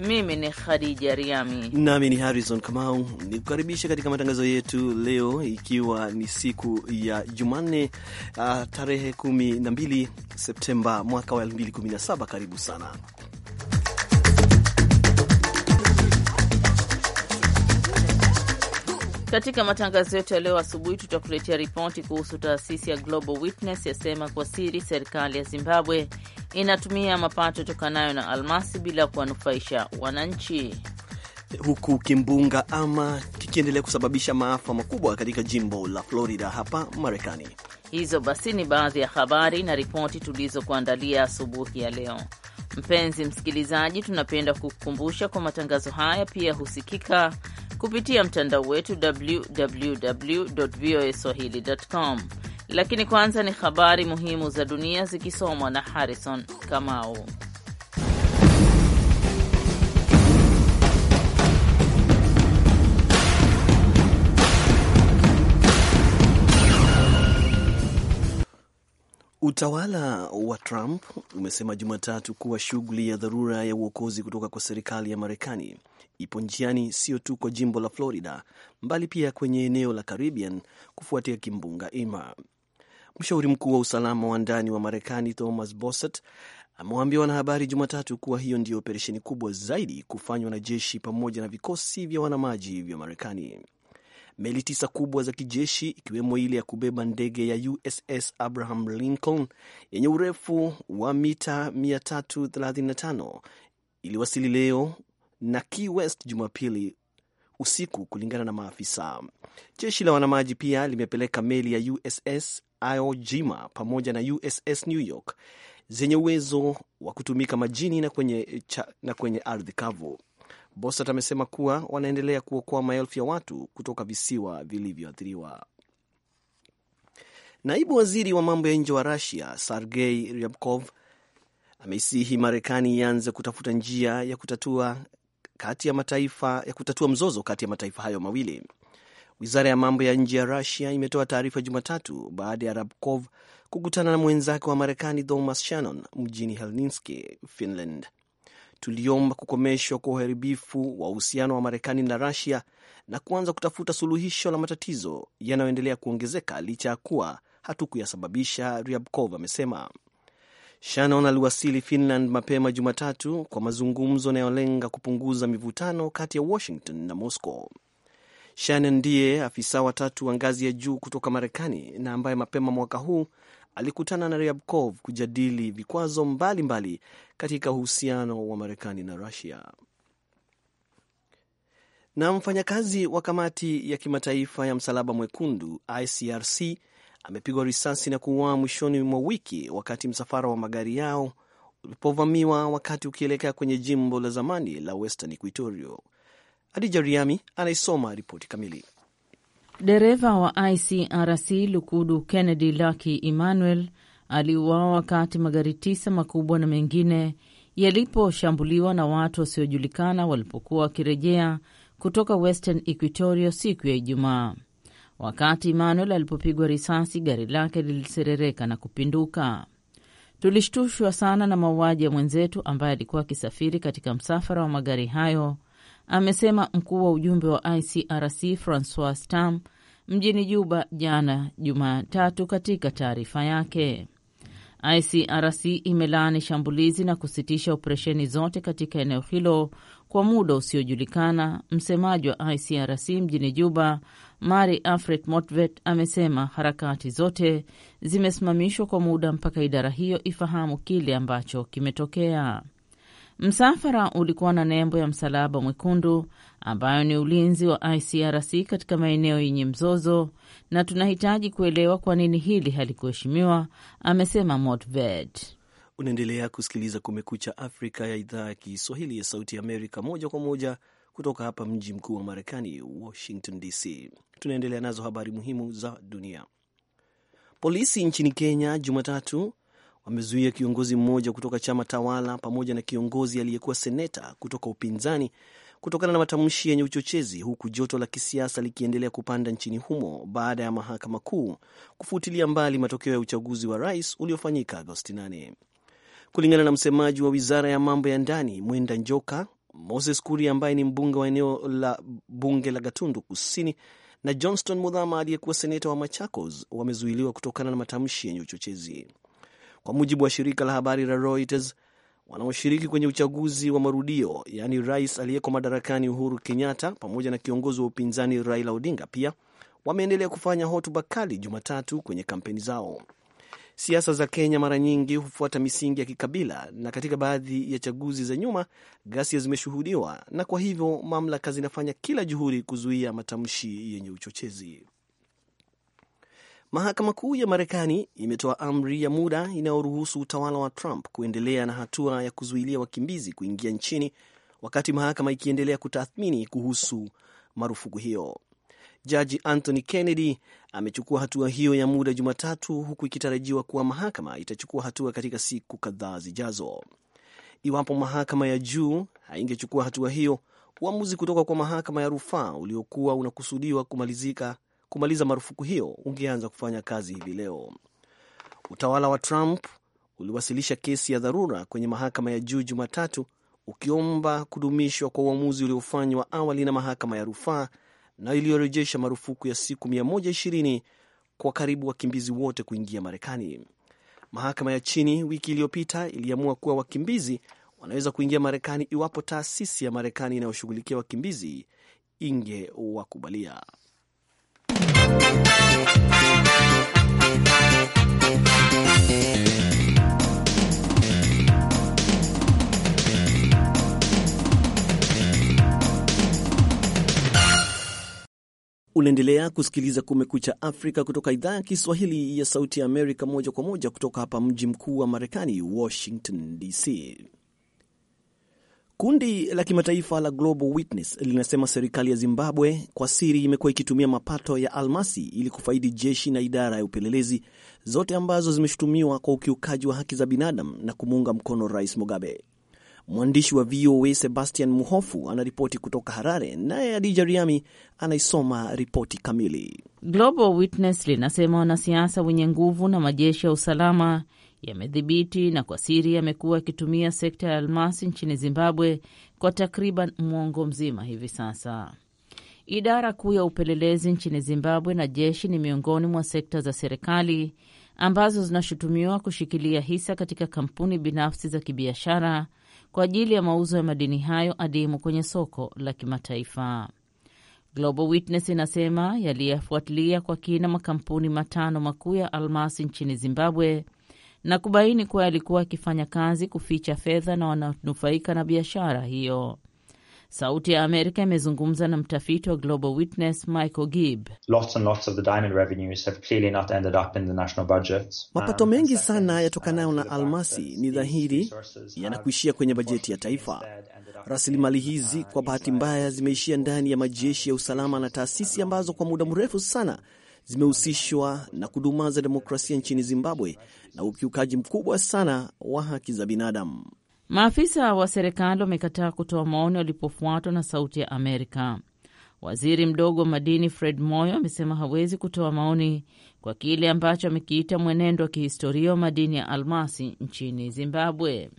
Mimi ni Khadija Riami nami ni Harrison Kamau, ni kukaribisha katika matangazo yetu leo, ikiwa ni siku ya Jumanne uh, tarehe 12 Septemba mwaka wa 2017. Karibu sana Katika matangazo yetu ya leo asubuhi tutakuletea ripoti kuhusu taasisi ya Global Witness yasema kwa siri serikali ya Zimbabwe inatumia mapato tokanayo na almasi bila kuwanufaisha wananchi, huku kimbunga ama kikiendelea kusababisha maafa makubwa katika jimbo la Florida hapa Marekani. Hizo basi ni baadhi ya habari na ripoti tulizokuandalia asubuhi ya leo. Mpenzi msikilizaji, tunapenda kukukumbusha kwa matangazo haya pia husikika kupitia mtandao wetu www voa swahili com lakini kwanza ni habari muhimu za dunia zikisomwa na Harrison Kamau. Utawala wa Trump umesema Jumatatu kuwa shughuli ya dharura ya uokozi kutoka kwa serikali ya Marekani ipo njiani, sio tu kwa jimbo la Florida, mbali pia kwenye eneo la Caribbean kufuatia kimbunga Irma. Mshauri mkuu wa usalama wa ndani wa Marekani Thomas Bossert amewaambia wanahabari Jumatatu kuwa hiyo ndiyo operesheni kubwa zaidi kufanywa na jeshi pamoja na vikosi vya wanamaji vya Marekani. Meli tisa kubwa za kijeshi ikiwemo ile ya kubeba ndege ya USS Abraham Lincoln yenye urefu wa mita 335 iliwasili leo na Key West Jumapili usiku, kulingana na maafisa. Jeshi la wanamaji pia limepeleka meli ya USS Iwo pamoja na USS New York zenye uwezo wa kutumika majini na kwenye, na kwenye ardhi kavu. bosat amesema kuwa wanaendelea kuokoa maelfu ya watu kutoka visiwa vilivyoathiriwa. Naibu waziri wa mambo ya nje wa Rusia Sergei Ryabkov ameisihi Marekani ianze kutafuta njia ya kutatua kati ya mataifa ya kutatua mzozo kati ya mataifa hayo mawili. Wizara ya mambo ya nje ya Rusia imetoa taarifa Jumatatu baada ya Rabkov kukutana na mwenzake wa Marekani Thomas Shannon mjini Helsinki, Finland. Tuliomba kukomeshwa kwa uharibifu wa uhusiano wa Marekani na Rusia na kuanza kutafuta suluhisho la matatizo yanayoendelea kuongezeka licha ya kuwa hatukuyasababisha, Ryabkov amesema. Shannon aliwasili Finland mapema Jumatatu kwa mazungumzo yanayolenga kupunguza mivutano kati ya Washington na Moscow. Shannon ndiye afisa wa tatu wa ngazi ya juu kutoka Marekani na ambaye mapema mwaka huu alikutana na Ryabkov kujadili vikwazo mbalimbali mbali katika uhusiano wa Marekani na Rusia. Na mfanyakazi wa kamati ya kimataifa ya Msalaba Mwekundu ICRC amepigwa risasi na kuuawa mwishoni mwa wiki wakati msafara wa magari yao ulipovamiwa wakati ukielekea kwenye jimbo la zamani la Western Equatoria Adija Riami anaisoma ripoti kamili. Dereva wa ICRC Lukudu Kennedy Lucky Emmanuel aliuawa wakati magari tisa makubwa na mengine yaliposhambuliwa na watu wasiojulikana walipokuwa wakirejea kutoka Western Equatoria siku ya Ijumaa. Wakati Emmanuel alipopigwa risasi, gari lake liliserereka na kupinduka. Tulishtushwa sana na mauaji ya mwenzetu ambaye alikuwa akisafiri katika msafara wa magari hayo amesema mkuu wa ujumbe wa ICRC Francois Stam mjini Juba jana Jumatatu. Katika taarifa yake, ICRC imelaani shambulizi na kusitisha operesheni zote katika eneo hilo kwa muda usiojulikana. Msemaji wa ICRC mjini Juba, Mari Afret Motvet, amesema harakati zote zimesimamishwa kwa muda mpaka idara hiyo ifahamu kile ambacho kimetokea. Msafara ulikuwa na nembo ya Msalaba Mwekundu ambayo ni ulinzi wa ICRC katika maeneo yenye mzozo, na tunahitaji kuelewa kwa nini hili halikuheshimiwa, amesema Motvet. Unaendelea kusikiliza Kumekucha Afrika ya idhaa ya Kiswahili ya Sauti Amerika, moja kwa moja kutoka hapa mji mkuu wa Marekani, Washington DC. Tunaendelea nazo habari muhimu za dunia. Polisi nchini Kenya Jumatatu wamezuia kiongozi mmoja kutoka chama tawala pamoja na kiongozi aliyekuwa seneta kutoka upinzani kutokana na matamshi yenye uchochezi, huku joto la kisiasa likiendelea kupanda nchini humo baada ya mahakama kuu kufutilia mbali matokeo ya uchaguzi wa rais uliofanyika Agosti 8. Kulingana na msemaji wa wizara ya mambo ya ndani Mwenda Njoka, Moses Kuri ambaye ni mbunge wa eneo la bunge la Gatundu Kusini na Johnston Mudhama aliyekuwa seneta wa Machakos wamezuiliwa kutokana na matamshi yenye uchochezi kwa mujibu wa shirika la habari la Reuters wanaoshiriki kwenye uchaguzi wa marudio yaani, rais aliyeko madarakani Uhuru Kenyatta pamoja na kiongozi wa upinzani Raila Odinga pia wameendelea kufanya hotuba kali Jumatatu kwenye kampeni zao. Siasa za Kenya mara nyingi hufuata misingi ya kikabila, na katika baadhi ya chaguzi za nyuma ghasia zimeshuhudiwa, na kwa hivyo mamlaka zinafanya kila juhudi kuzuia matamshi yenye uchochezi. Mahakama Kuu ya Marekani imetoa amri ya muda inayoruhusu utawala wa Trump kuendelea na hatua ya kuzuilia wakimbizi kuingia nchini wakati mahakama ikiendelea kutathmini kuhusu marufuku hiyo. Jaji Anthony Kennedy amechukua hatua hiyo ya muda Jumatatu, huku ikitarajiwa kuwa mahakama itachukua hatua katika siku kadhaa zijazo. Iwapo mahakama ya juu haingechukua hatua hiyo, uamuzi kutoka kwa mahakama ya rufaa uliokuwa unakusudiwa kumalizika kumaliza marufuku hiyo ungeanza kufanya kazi hivi leo. Utawala wa Trump uliwasilisha kesi ya dharura kwenye mahakama ya juu Jumatatu ukiomba kudumishwa kwa uamuzi uliofanywa awali na mahakama ya rufaa na iliyorejesha marufuku ya siku 120 kwa karibu wakimbizi wote kuingia Marekani. Mahakama ya chini wiki iliyopita iliamua kuwa wakimbizi wanaweza kuingia Marekani iwapo taasisi ya Marekani inayoshughulikia wakimbizi ingewakubalia. Unaendelea kusikiliza Kumekucha Afrika kutoka idhaa ya Kiswahili ya Sauti ya Amerika, moja kwa moja kutoka hapa mji mkuu wa Marekani, Washington DC. Kundi la kimataifa la Global Witness linasema serikali ya Zimbabwe kwa siri imekuwa ikitumia mapato ya almasi ili kufaidi jeshi na idara ya upelelezi, zote ambazo zimeshutumiwa kwa ukiukaji wa haki za binadamu na kumuunga mkono Rais Mugabe. Mwandishi wa VOA Sebastian Muhofu anaripoti kutoka Harare, naye Adija Riami anaisoma ripoti kamili. Global Witness linasema wanasiasa wenye nguvu na majeshi ya usalama yamedhibiti na kwa siri yamekuwa yakitumia sekta ya almasi nchini Zimbabwe kwa takriban mwongo mzima hivi sasa. Idara kuu ya upelelezi nchini Zimbabwe na jeshi ni miongoni mwa sekta za serikali ambazo zinashutumiwa kushikilia hisa katika kampuni binafsi za kibiashara kwa ajili ya mauzo ya madini hayo adimu kwenye soko la kimataifa. Global Witness inasema yaliyafuatilia kwa kina makampuni matano makuu ya almasi nchini Zimbabwe na kubaini kuwa alikuwa akifanya kazi kuficha fedha na wananufaika na biashara hiyo. Sauti ya Amerika imezungumza na mtafiti wa Global Witness Michael Gibb. Lots and lots of the diamond revenues have clearly not ended up in the national budget. Mapato um, mengi sana yatokanayo na almasi ni dhahiri yanakuishia kwenye bajeti ya taifa. Rasilimali hizi uh, kwa bahati mbaya zimeishia ndani ya majeshi ya usalama na taasisi ambazo kwa muda mrefu sana zimehusishwa na kudumaza demokrasia nchini Zimbabwe na ukiukaji mkubwa sana wa haki za binadamu. Maafisa wa serikali wamekataa kutoa maoni walipofuatwa na Sauti ya Amerika. Waziri mdogo wa madini Fred Moyo amesema hawezi kutoa maoni kwa kile ambacho amekiita mwenendo wa kihistoria wa madini ya almasi nchini Zimbabwe.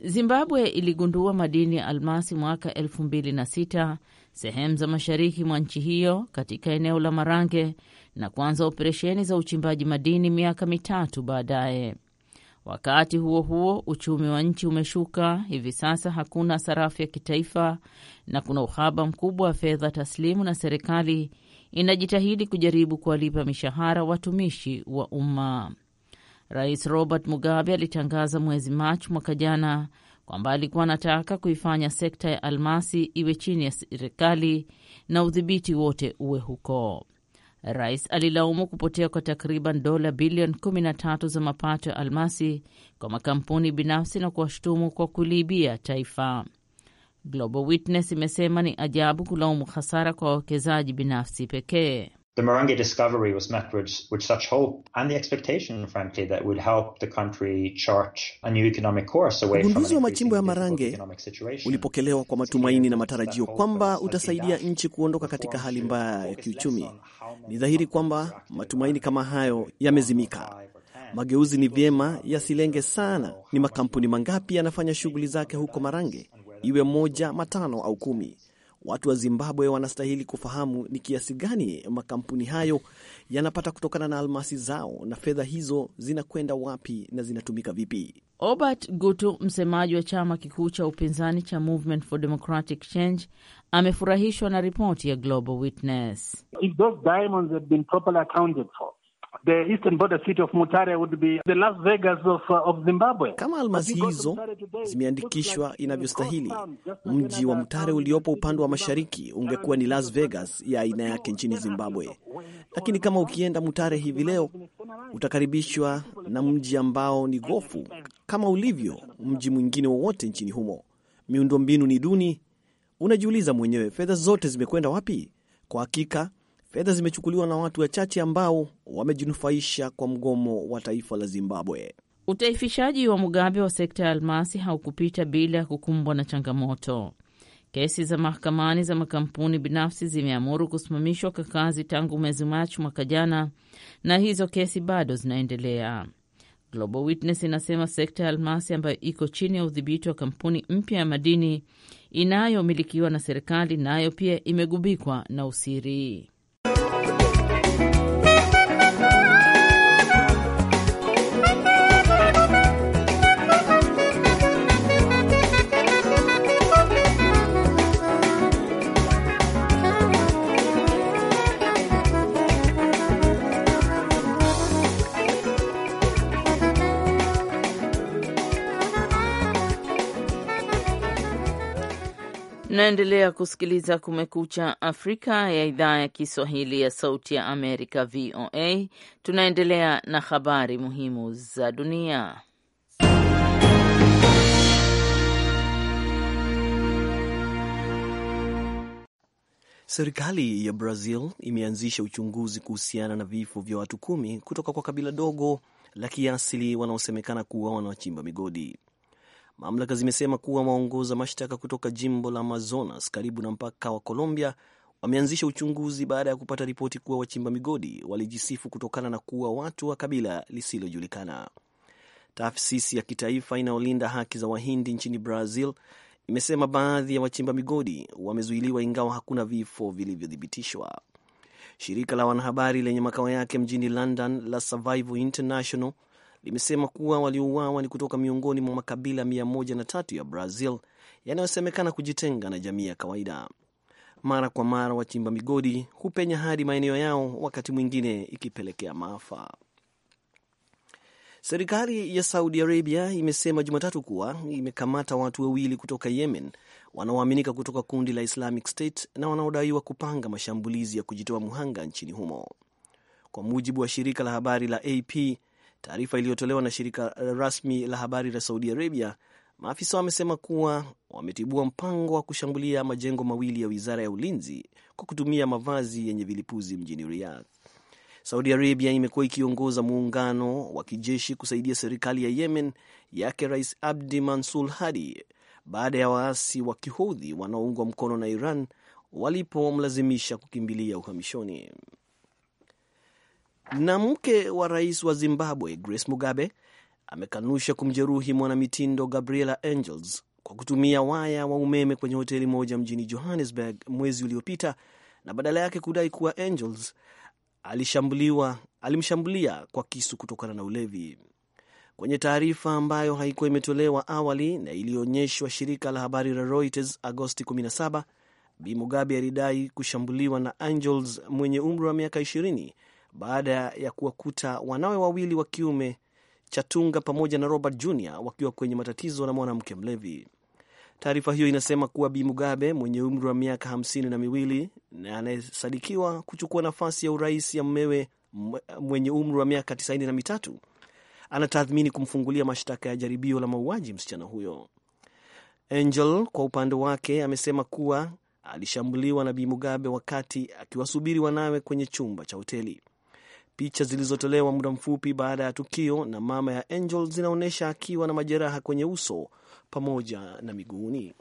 Zimbabwe iligundua madini ya almasi mwaka elfu mbili na sita sehemu za mashariki mwa nchi hiyo katika eneo la Marange na kuanza operesheni za uchimbaji madini miaka mitatu baadaye. Wakati huo huo, uchumi wa nchi umeshuka. Hivi sasa hakuna sarafu ya kitaifa na kuna uhaba mkubwa wa fedha taslimu, na serikali inajitahidi kujaribu kuwalipa mishahara watumishi wa umma. Rais Robert Mugabe alitangaza mwezi Machi mwaka jana kwamba alikuwa anataka kuifanya sekta ya almasi iwe chini ya serikali na udhibiti wote uwe huko. Rais alilaumu kupotea kwa takriban dola bilioni 13 za mapato ya almasi kwa makampuni binafsi na kuwashutumu kwa kuliibia taifa. Global Witness imesema ni ajabu kulaumu hasara kwa wawekezaji binafsi pekee. The Morangi discovery was met with, with such hope and the expectation, frankly, that would help the country chart a new economic course away from Ugunduzi wa machimbo ya Marange ulipokelewa kwa matumaini na matarajio kwamba utasaidia nchi kuondoka katika hali mbaya ya kiuchumi. Ni dhahiri kwamba matumaini kama hayo yamezimika. Mageuzi ni vyema yasilenge sana ni makampuni mangapi yanafanya shughuli zake huko Marange, iwe moja, matano au kumi. Watu wa Zimbabwe wanastahili kufahamu ni kiasi gani makampuni hayo yanapata kutokana na almasi zao na fedha hizo zinakwenda wapi na zinatumika vipi. Obert Gutu, msemaji wa chama kikuu cha upinzani cha Movement for Democratic Change, amefurahishwa na ripoti ya Global Witness. If those diamonds have been properly accounted for the eastern border city of Mutare would be the Las Vegas of, uh, of Zimbabwe. Kama almasi hizo zimeandikishwa uh, inavyostahili, mji wa Mutare uliopo upande wa mashariki ungekuwa ni Las Vegas ya aina yake nchini Zimbabwe. Lakini kama ukienda Mutare hivi leo utakaribishwa na mji ambao ni gofu kama ulivyo mji mwingine wowote nchini humo. Miundombinu ni duni, unajiuliza mwenyewe fedha zote zimekwenda wapi? Kwa hakika Fedha zimechukuliwa na watu wachache ambao wamejinufaisha kwa mgomo wa taifa la Zimbabwe. Utaifishaji wa Mugabe wa sekta ya almasi haukupita bila ya kukumbwa na changamoto. Kesi za mahakamani za makampuni binafsi zimeamuru kusimamishwa kwa kazi tangu mwezi Machi mwaka jana, na hizo kesi bado zinaendelea. Global Witness inasema sekta ya almasi ambayo iko chini ya udhibiti wa kampuni mpya ya madini inayomilikiwa na serikali, nayo pia imegubikwa na usiri. naendelea kusikiliza Kumekucha Afrika ya idhaa ya Kiswahili ya Sauti ya Amerika, VOA. Tunaendelea na habari muhimu za dunia. Serikali ya Brazil imeanzisha uchunguzi kuhusiana na vifo vya watu kumi kutoka kwa kabila dogo la kiasili wanaosemekana kuwa wanawachimba migodi. Mamlaka zimesema kuwa waongoza mashtaka kutoka jimbo la Amazonas karibu na mpaka wa Colombia wameanzisha uchunguzi baada ya kupata ripoti kuwa wachimba migodi walijisifu kutokana na kuwa watu wa kabila lisilojulikana. Taasisi ya kitaifa inayolinda haki za Wahindi nchini Brazil imesema baadhi ya wachimba migodi wamezuiliwa ingawa hakuna vifo vilivyothibitishwa. Shirika la wanahabari lenye makao yake mjini London la Survival International limesema kuwa waliouawa ni kutoka miongoni mwa makabila 103 ya Brazil yanayosemekana kujitenga na jamii ya kawaida. Mara kwa mara wachimba migodi hupenya hadi maeneo yao, wakati mwingine ikipelekea maafa. Serikali ya Saudi Arabia imesema Jumatatu kuwa imekamata watu wawili kutoka Yemen wanaoaminika kutoka kundi la Islamic State na wanaodaiwa kupanga mashambulizi ya kujitoa muhanga nchini humo. Kwa mujibu wa shirika la habari la AP, Taarifa iliyotolewa na shirika rasmi la habari la Saudi Arabia, maafisa wamesema kuwa wametibua mpango wa kushambulia majengo mawili ya wizara ya ulinzi kwa kutumia mavazi yenye vilipuzi mjini Riyadh. Saudi Arabia imekuwa ikiongoza muungano wa kijeshi kusaidia serikali ya Yemen yake Rais Abdi Mansur Hadi baada ya waasi wa kihudhi wanaoungwa mkono na Iran walipomlazimisha kukimbilia uhamishoni. Na mke wa rais wa Zimbabwe Grace Mugabe amekanusha kumjeruhi mwanamitindo Gabriela Angels kwa kutumia waya wa umeme kwenye hoteli moja mjini Johannesburg mwezi uliopita na badala yake kudai kuwa Angels alishambuliwa alimshambulia kwa kisu kutokana na ulevi. Kwenye taarifa ambayo haikuwa imetolewa awali na iliyoonyeshwa shirika la habari la Reuters Agosti 17, Bi Mugabe alidai kushambuliwa na Angels mwenye umri wa miaka 20 baada ya kuwakuta wanawe wawili wa kiume Chatunga pamoja na Robert Jr wakiwa kwenye matatizo na mwanamke mlevi. Taarifa hiyo inasema kuwa Bi Mugabe mwenye umri wa miaka hamsini na miwili na anayesadikiwa kuchukua nafasi ya urais ya mmewe mwenye umri wa miaka tisaini na mitatu anatathmini kumfungulia mashtaka ya jaribio la mauaji msichana huyo. Angel kwa upande wake amesema kuwa alishambuliwa na Bi Mugabe wakati akiwasubiri wanawe kwenye chumba cha hoteli. Picha zilizotolewa muda mfupi baada ya tukio na mama ya Angel zinaonyesha akiwa na majeraha kwenye uso pamoja na miguuni.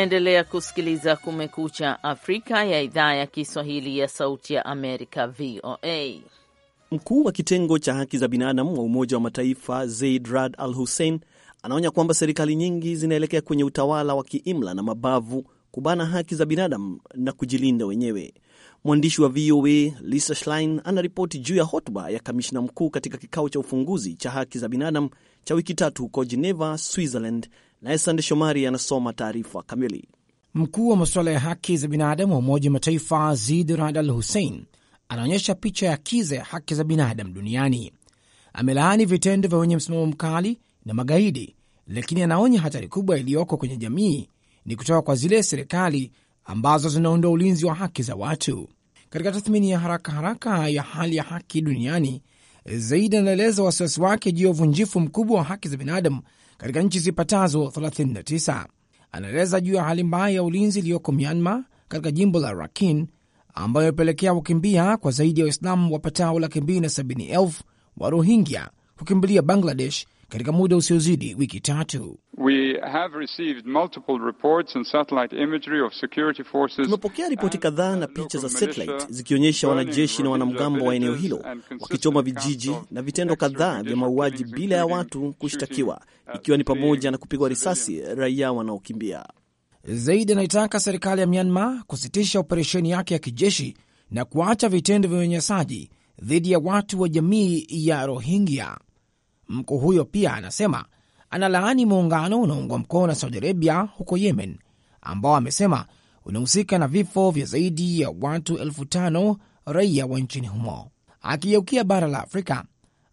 Unaendelea kusikiliza Kumekucha Afrika ya idhaa ya Kiswahili ya Sauti ya Amerika, VOA. Mkuu wa kitengo cha haki za binadamu wa Umoja wa Mataifa Zeid Rad Al Hussein anaonya kwamba serikali nyingi zinaelekea kwenye utawala wa kiimla na mabavu, kubana haki za binadamu na kujilinda wenyewe. Mwandishi wa VOA Lisa Schlein anaripoti juu ya hotuba ya kamishna mkuu katika kikao cha ufunguzi cha haki za binadamu cha wiki tatu huko Geneva, Switzerland, naye Sande Shomari anasoma taarifa kamili. Mkuu wa masuala ya haki za binadamu wa Umoja wa Mataifa Zid Raad Al Hussein anaonyesha picha ya kiza ya haki za binadamu duniani. Amelaani vitendo vya wenye msimamo mkali na magaidi, lakini anaonya hatari kubwa iliyoko kwenye jamii ni kutoka kwa zile serikali ambazo zinaondoa ulinzi wa haki za watu. Katika tathmini ya haraka haraka ya hali ya haki duniani, Zaidi anaeleza wasiwasi wake juu ya uvunjifu mkubwa wa haki za binadamu katika nchi zipatazo 39. Anaeleza juu ya hali mbaya ya ulinzi iliyoko Myanmar katika jimbo la Rakhine ambayo imepelekea kukimbia kwa zaidi ya Waislamu wapatao laki mbili na sabini elfu wa Rohingya kukimbilia Bangladesh katika muda usiozidi wiki tatu. Tumepokea ripoti kadhaa na picha za satellite zikionyesha wanajeshi na wanamgambo wa eneo hilo wakichoma vijiji na vitendo kadhaa vya mauaji bila ya watu kushtakiwa, ikiwa ni pamoja na kupigwa risasi raia wanaokimbia. Zaidi anaitaka serikali ya Myanmar kusitisha operesheni yake ya kijeshi na kuacha vitendo vya unyanyasaji dhidi ya watu wa jamii ya Rohingya. Mkuu huyo pia anasema analaani muungano unaoungwa mkono na Saudi Arabia huko Yemen, ambao amesema unahusika na vifo vya zaidi ya watu elfu tano raia wa nchini humo. Akigeukia bara la Afrika,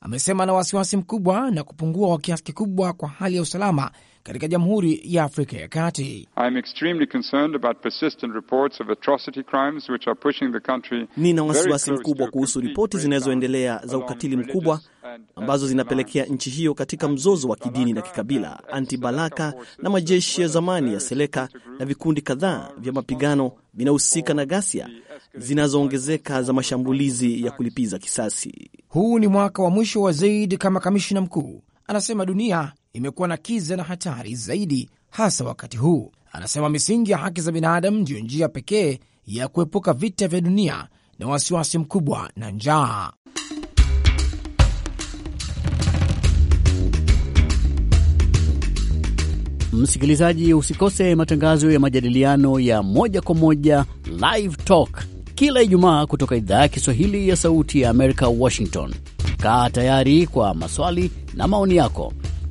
amesema ana wasiwasi mkubwa na kupungua kwa kiasi kikubwa kwa hali ya usalama katika Jamhuri ya Afrika ya Kati. Nina wasiwasi mkubwa kuhusu ripoti zinazoendelea za ukatili mkubwa ambazo zinapelekea nchi hiyo katika mzozo wa kidini na kikabila. Anti-Balaka na majeshi ya zamani ya Seleka na vikundi kadhaa vya mapigano vinahusika na ghasia zinazoongezeka za mashambulizi ya kulipiza kisasi. Huu ni mwaka wa mwisho wa Zaid kama kamishna mkuu, anasema dunia imekuwa na kiza na hatari zaidi, hasa wakati huu. Anasema misingi ya haki za binadamu ndiyo njia pekee ya kuepuka vita vya dunia na wasiwasi mkubwa na njaa. Msikilizaji, usikose matangazo ya majadiliano ya moja kwa moja Live Talk kila Ijumaa kutoka idhaa ya Kiswahili ya Sauti ya Amerika, Washington. Kaa tayari kwa maswali na maoni yako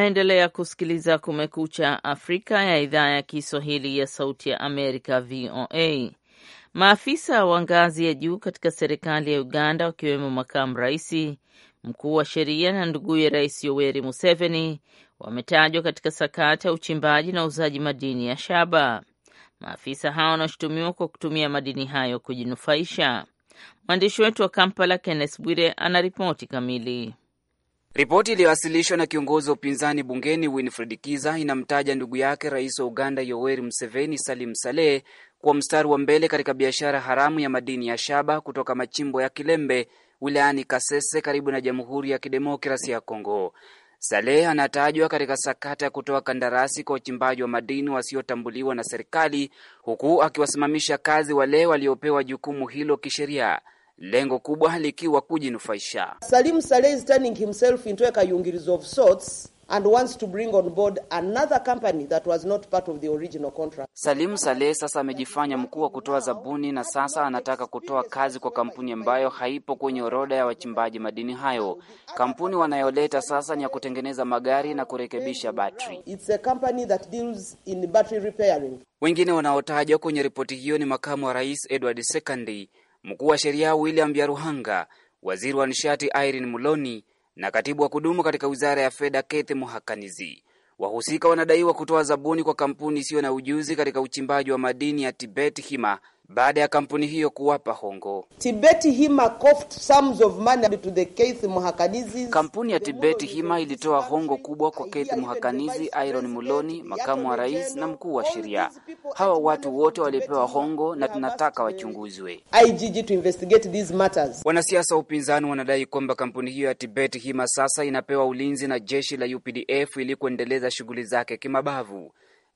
naendelea kusikiliza Kumekucha Afrika ya idhaa ya Kiswahili ya Sauti ya Amerika, VOA. Maafisa wa ngazi ya juu katika serikali ya Uganda, wakiwemo makamu raisi, mkuu wa sheria na nduguye Rais Yoweri Museveni, wametajwa katika sakata ya uchimbaji na uuzaji madini ya shaba. Maafisa hao wanashutumiwa kwa kutumia madini hayo kujinufaisha. Mwandishi wetu wa Kampala, Kenneth Bwire, ana ripoti kamili. Ripoti iliyowasilishwa na kiongozi wa upinzani bungeni Winfred Kiza inamtaja ndugu yake rais wa Uganda Yoweri Museveni, Salim Saleh, kuwa mstari wa mbele katika biashara haramu ya madini ya shaba kutoka machimbo ya Kilembe wilayani Kasese karibu na Jamhuri ya Kidemokrasia ya Kongo. Saleh anatajwa katika sakata ya kutoa kandarasi kwa uchimbaji wa madini wasiotambuliwa na serikali, huku akiwasimamisha kazi wale waliopewa jukumu hilo kisheria lengo kubwa likiwa kujinufaisha. Salim Saleh is turning himself into a Kayungiris of sorts and wants to bring on board another company that was not part of the original contract. Salim Saleh sasa amejifanya mkuu wa kutoa zabuni na sasa anataka kutoa kazi kwa kampuni ambayo haipo kwenye orodha ya wachimbaji madini hayo. Kampuni wanayoleta sasa ni ya kutengeneza magari na kurekebisha battery. It's a company that deals in battery repairing. Wengine wanaotajwa kwenye ripoti hiyo ni makamu wa rais Edward Sekandi mkuu wa sheria William Byaruhanga, waziri wa nishati Irene Muloni na katibu wa kudumu katika wizara ya fedha Kethi Muhakanizi. Wahusika wanadaiwa kutoa zabuni kwa kampuni isiyo na ujuzi katika uchimbaji wa madini ya Tibet Hima baada ya kampuni hiyo kuwapa hongo. Kampuni ya Tibeti Hima ilitoa hongo kubwa kwa Keith Muhakanizi, Iron Muloni, makamu wa rais na mkuu wa sheria. Hawa watu wote walipewa hongo na tunataka wachunguzwe. Wanasiasa wa upinzani wanadai kwamba kampuni hiyo ya Tibeti Hima sasa inapewa ulinzi na jeshi la UPDF ili kuendeleza shughuli zake kimabavu.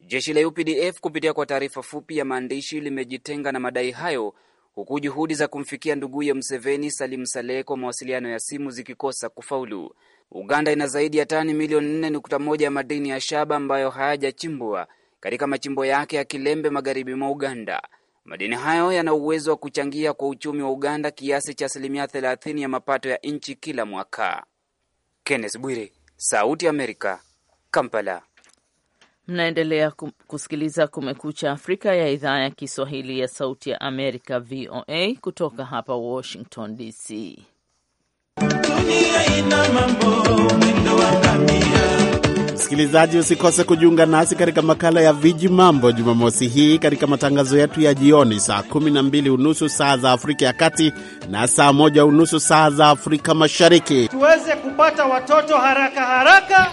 Jeshi la UPDF kupitia kwa taarifa fupi ya maandishi limejitenga na madai hayo, huku juhudi za kumfikia nduguye Mseveni Salim Saleh kwa mawasiliano ya simu zikikosa kufaulu. Uganda ina zaidi ya tani milioni 4.1 ya madini ya shaba ambayo hayajachimbwa katika machimbo yake ya Kilembe, magharibi mwa Uganda. Madini hayo yana uwezo wa kuchangia kwa uchumi wa Uganda kiasi cha asilimia 30 ya mapato ya nchi kila mwaka. Kenneth Bwire, Sauti ya Amerika, Kampala. Mnaendelea kusikiliza Kumekucha Afrika ya idhaa ya Kiswahili ya Sauti ya Amerika, VOA, kutoka hapa Washington DC. Msikilizaji, usikose kujiunga nasi katika makala ya Viji Mambo Jumamosi hii katika matangazo yetu ya jioni saa kumi na mbili unusu saa za Afrika ya Kati na saa moja unusu saa za Afrika Mashariki, tuweze kupata watoto haraka haraka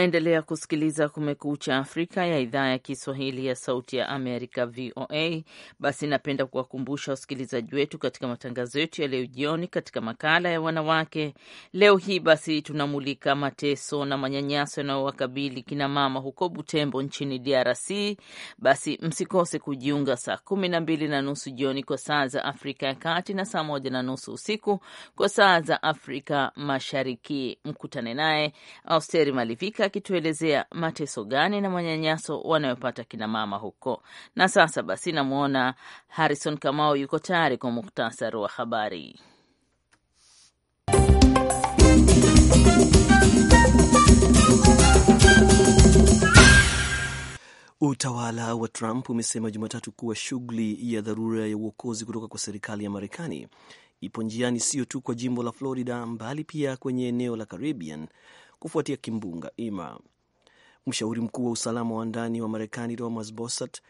Mnaendelea kusikiliza Kumekucha Afrika ya idhaa ya Kiswahili ya Sauti ya Amerika, VOA. Basi napenda kuwakumbusha wasikilizaji wetu katika matangazo yetu ya leo jioni, katika makala ya wanawake leo hii, basi tunamulika mateso na manyanyaso yanayowakabili kinamama huko Butembo nchini DRC. Basi msikose kujiunga saa kumi na mbili na nusu jioni kwa saa za Afrika ya Kati na saa moja na nusu usiku kwa saa za Afrika Mashariki. Mkutane naye Austeri Malivika akituelezea mateso gani na manyanyaso wanayopata kinamama huko. Na sasa basi, namwona Harrison Kamau yuko tayari kwa muktasari wa habari. Utawala wa Trump umesema Jumatatu kuwa shughuli ya dharura ya uokozi kutoka kwa serikali ya Marekani ipo njiani, sio tu kwa jimbo la Florida, mbali pia kwenye eneo la Caribbean kufuatia kimbunga ima Mshauri mkuu wa usalama wa ndani wa Marekani Thomas Bossert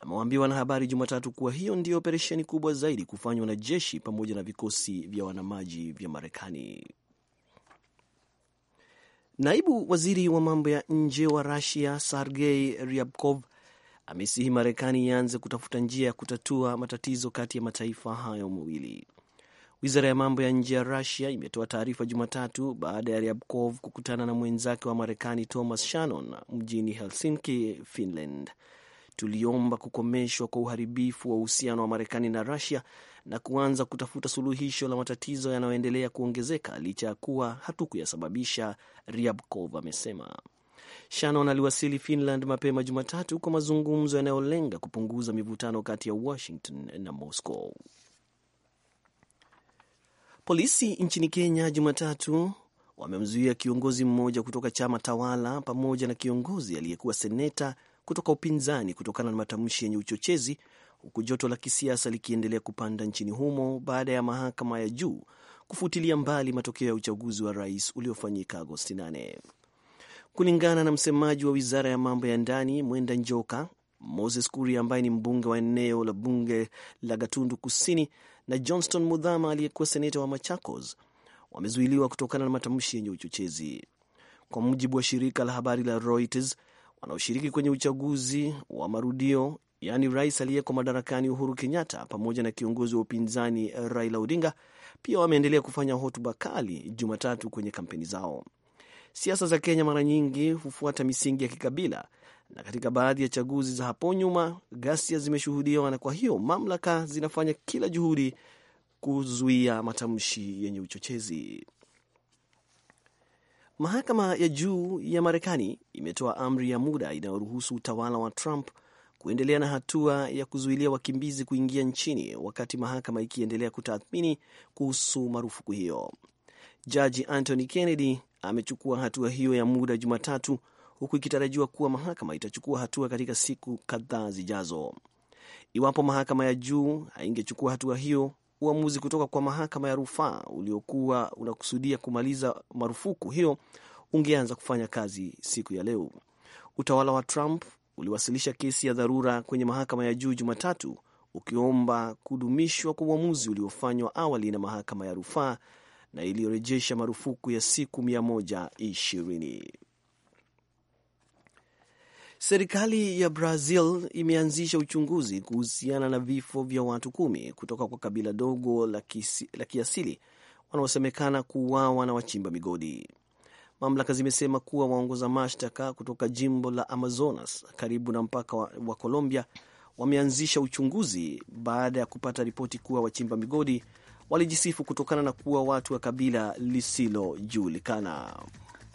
amewaambia wanahabari Jumatatu kuwa hiyo ndiyo operesheni kubwa zaidi kufanywa na jeshi pamoja na vikosi vya wanamaji vya Marekani. Naibu waziri wa mambo ya nje wa Rusia Sergei Ryabkov amesihi Marekani ianze kutafuta njia ya kutatua matatizo kati ya mataifa hayo mawili. Wizara ya mambo ya nje ya Rusia imetoa taarifa Jumatatu baada ya Ryabkov kukutana na mwenzake wa Marekani Thomas Shannon mjini Helsinki, Finland. Tuliomba kukomeshwa kwa uharibifu wa uhusiano wa Marekani na Rusia na kuanza kutafuta suluhisho la matatizo yanayoendelea kuongezeka licha ya kuwa hatukuyasababisha, Ryabkov amesema. Shannon aliwasili Finland mapema Jumatatu kwa mazungumzo yanayolenga kupunguza mivutano kati ya Washington na Moscow. Polisi nchini Kenya Jumatatu wamemzuia kiongozi mmoja kutoka chama tawala pamoja na kiongozi aliyekuwa seneta kutoka upinzani kutokana na matamshi yenye uchochezi, huku joto la kisiasa likiendelea kupanda nchini humo baada ya mahakama ya juu kufutilia mbali matokeo ya uchaguzi wa rais uliofanyika Agosti 8. Kulingana na msemaji wa wizara ya mambo ya ndani Mwenda Njoka, Moses Kuri ambaye ni mbunge wa eneo la bunge la Gatundu Kusini na Johnston Mudhama aliyekuwa seneta wa Machakos wamezuiliwa kutokana na matamshi yenye uchochezi. Kwa mujibu wa shirika la habari la Reuters, wanaoshiriki kwenye uchaguzi wa marudio, yaani rais aliyeko madarakani Uhuru Kenyatta pamoja na kiongozi wa upinzani Raila Odinga, pia wameendelea kufanya hotuba kali Jumatatu kwenye kampeni zao. Siasa za Kenya mara nyingi hufuata misingi ya kikabila na katika baadhi ya chaguzi za hapo nyuma ghasia zimeshuhudiwa, na kwa hiyo mamlaka zinafanya kila juhudi kuzuia matamshi yenye uchochezi. Mahakama ya juu ya Marekani imetoa amri ya muda inayoruhusu utawala wa Trump kuendelea na hatua ya kuzuilia wakimbizi kuingia nchini wakati mahakama ikiendelea kutathmini kuhusu marufuku hiyo. Jaji Anthony Kennedy amechukua hatua hiyo ya muda Jumatatu huku ikitarajiwa kuwa mahakama itachukua hatua katika siku kadhaa zijazo. Iwapo mahakama ya juu haingechukua hatua hiyo, uamuzi kutoka kwa mahakama ya rufaa uliokuwa unakusudia kumaliza marufuku hiyo ungeanza kufanya kazi siku ya leo. Utawala wa Trump uliwasilisha kesi ya dharura kwenye mahakama ya juu Jumatatu ukiomba kudumishwa kwa uamuzi uliofanywa awali na mahakama ya rufaa na iliyorejesha marufuku ya siku 120. Serikali ya Brazil imeanzisha uchunguzi kuhusiana na vifo vya watu kumi kutoka kwa kabila dogo la kiasili wanaosemekana kuuawa na wachimba migodi. Mamlaka zimesema kuwa waongoza mashtaka kutoka jimbo la Amazonas karibu na mpaka wa, wa Colombia wameanzisha uchunguzi baada ya kupata ripoti kuwa wachimba migodi walijisifu kutokana na kuwa watu wa kabila lisilojulikana.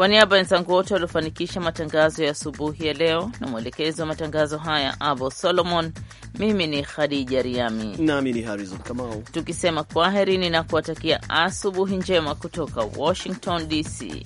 Kwa niaba ya wenzangu wote waliofanikisha matangazo ya asubuhi ya leo na mwelekezi wa matangazo haya Abo Solomon, mimi ni Khadija Riami nami ni Harizon Kamau, tukisema kwaherini na kuwatakia asubuhi njema kutoka Washington DC.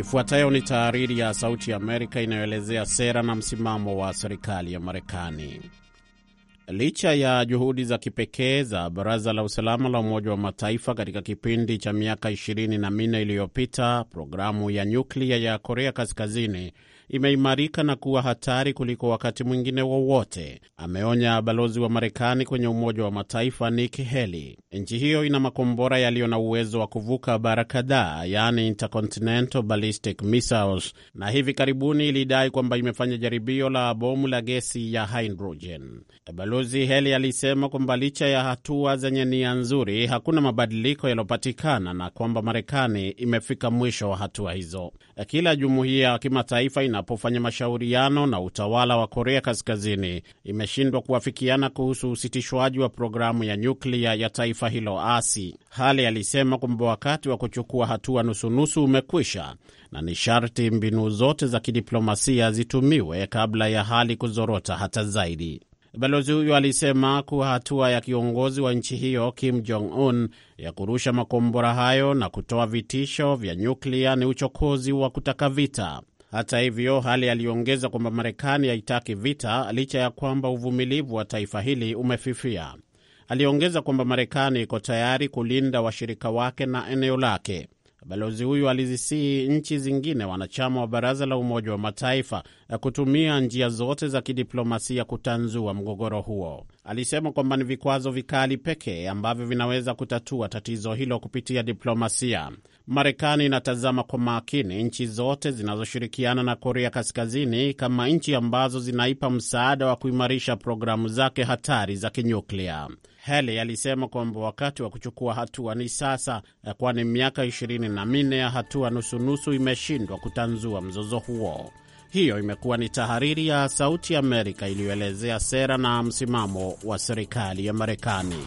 Ifuatayo ni tahariri ya Sauti ya Amerika inayoelezea sera na msimamo wa serikali ya Marekani. Licha ya juhudi za kipekee za Baraza la Usalama la Umoja wa Mataifa katika kipindi cha miaka ishirini na minne iliyopita, programu ya nyuklia ya Korea Kaskazini imeimarika na kuwa hatari kuliko wakati mwingine wowote wa, ameonya balozi wa Marekani kwenye Umoja wa Mataifa Nikki Haley. Nchi hiyo ina makombora yaliyo na uwezo wa kuvuka bara kadhaa, yaani intercontinental ballistic missiles, na hivi karibuni ilidai kwamba imefanya jaribio la bomu la gesi ya hydrogen. Balozi Heli alisema kwamba licha ya hatua zenye nia nzuri, hakuna mabadiliko yaliyopatikana na kwamba Marekani imefika mwisho wa hatua hizo. Kila jumuiya ya kimataifa inapofanya mashauriano na utawala wa Korea Kaskazini, imeshindwa kuafikiana kuhusu usitishwaji wa programu ya nyuklia ya taifa taifa hilo asi. Hali alisema kwamba wakati wa kuchukua hatua nusunusu umekwisha na ni sharti mbinu zote za kidiplomasia zitumiwe kabla ya hali kuzorota hata zaidi. Balozi huyo alisema kuwa hatua ya kiongozi wa nchi hiyo Kim Jong Un ya kurusha makombora hayo na kutoa vitisho vya nyuklia ni uchokozi wa kutaka vita. Hata hivyo, hali aliongeza kwamba Marekani haitaki vita licha ya kwamba uvumilivu wa taifa hili umefifia. Aliongeza kwamba Marekani iko tayari kulinda washirika wake na eneo lake. Balozi huyu alizisihi nchi zingine wanachama wa Baraza la Umoja wa Mataifa ya kutumia njia zote za kidiplomasia kutanzua mgogoro huo. Alisema kwamba ni vikwazo vikali pekee ambavyo vinaweza kutatua tatizo hilo kupitia diplomasia. Marekani inatazama kwa makini nchi zote zinazoshirikiana na Korea Kaskazini kama nchi ambazo zinaipa msaada wa kuimarisha programu zake hatari za kinyuklia. Haley alisema kwamba wakati wa kuchukua hatua ni sasa, eh, kwani miaka ishirini na minne ya hatua nusunusu imeshindwa kutanzua mzozo huo. Hiyo imekuwa ni tahariri ya Sauti ya Amerika iliyoelezea sera na msimamo wa serikali ya Marekani.